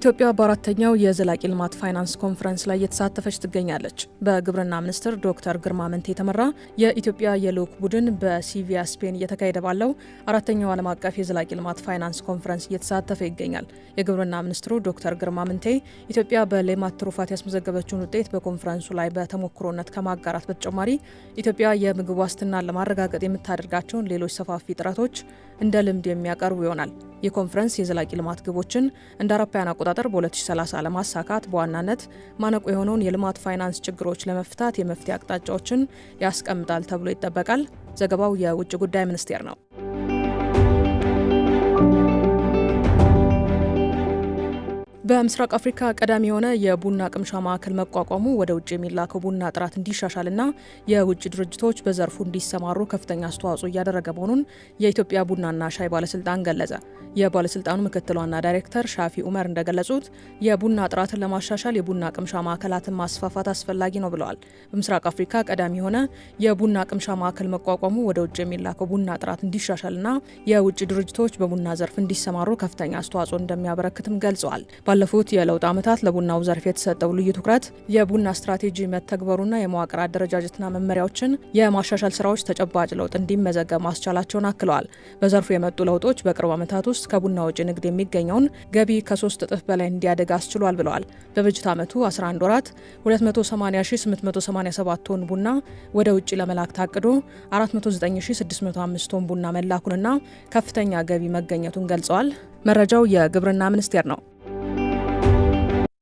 ኢትዮጵያ በአራተኛው የዘላቂ ልማት ፋይናንስ ኮንፈረንስ ላይ እየተሳተፈች ትገኛለች። በግብርና ሚኒስትር ዶክተር ግርማ መንቴ የተመራ የኢትዮጵያ የልዑክ ቡድን በሲቪያ ስፔን እየተካሄደ ባለው አራተኛው ዓለም አቀፍ የዘላቂ ልማት ፋይናንስ ኮንፈረንስ እየተሳተፈ ይገኛል። የግብርና ሚኒስትሩ ዶክተር ግርማ መንቴ ኢትዮጵያ በሌማት ትሩፋት ያስመዘገበችውን ውጤት በኮንፈረንሱ ላይ በተሞክሮነት ከማጋራት በተጨማሪ ኢትዮጵያ የምግብ ዋስትናን ለማረጋገጥ የምታደርጋቸውን ሌሎች ሰፋፊ ጥረቶች እንደ ልምድ የሚያቀርቡ ይሆናል። ይህ ኮንፈረንስ የዘላቂ ልማት ግቦችን እንደ አውሮፓውያን አቆጣጠር በ2030 ለማሳካት በዋናነት ማነቆ የሆነውን የልማት ፋይናንስ ችግሮች ለመፍታት የመፍትሄ አቅጣጫዎችን ያስቀምጣል ተብሎ ይጠበቃል። ዘገባው የውጭ ጉዳይ ሚኒስቴር ነው። በምስራቅ አፍሪካ ቀዳሚ የሆነ የቡና ቅምሻ ማዕከል መቋቋሙ ወደ ውጭ የሚላከው ቡና ጥራት እንዲሻሻልና የውጭ ድርጅቶች በዘርፉ እንዲሰማሩ ከፍተኛ አስተዋጽኦ እያደረገ መሆኑን የኢትዮጵያ ቡናና ሻይ ባለስልጣን ገለጸ። የባለስልጣኑ ምክትል ዋና ዳይሬክተር ሻፊ ኡመር እንደገለጹት የቡና ጥራትን ለማሻሻል የቡና ቅምሻ ማዕከላትን ማስፋፋት አስፈላጊ ነው ብለዋል። በምስራቅ አፍሪካ ቀዳሚ የሆነ የቡና ቅምሻ ማዕከል መቋቋሙ ወደ ውጭ የሚላከው ቡና ጥራት እንዲሻሻልና የውጭ ድርጅቶች በቡና ዘርፍ እንዲሰማሩ ከፍተኛ አስተዋጽኦ እንደሚያበረክትም ገልጸዋል። ባለፉት የለውጥ ዓመታት ለቡናው ዘርፍ የተሰጠው ልዩ ትኩረት የቡና ስትራቴጂ መተግበሩና የመዋቅር አደረጃጀትና መመሪያዎችን የማሻሻል ስራዎች ተጨባጭ ለውጥ እንዲመዘገብ ማስቻላቸውን አክለዋል። በዘርፉ የመጡ ለውጦች በቅርብ ዓመታት ውስጥ ከቡና ውጭ ንግድ የሚገኘውን ገቢ ከሶስት እጥፍ በላይ እንዲያደግ አስችሏል ብለዋል። በበጀት ዓመቱ 11 ወራት 280887 ቶን ቡና ወደ ውጭ ለመላክ ታቅዶ 49605 ቶን ቡና መላኩንና ከፍተኛ ገቢ መገኘቱን ገልጸዋል። መረጃው የግብርና ሚኒስቴር ነው።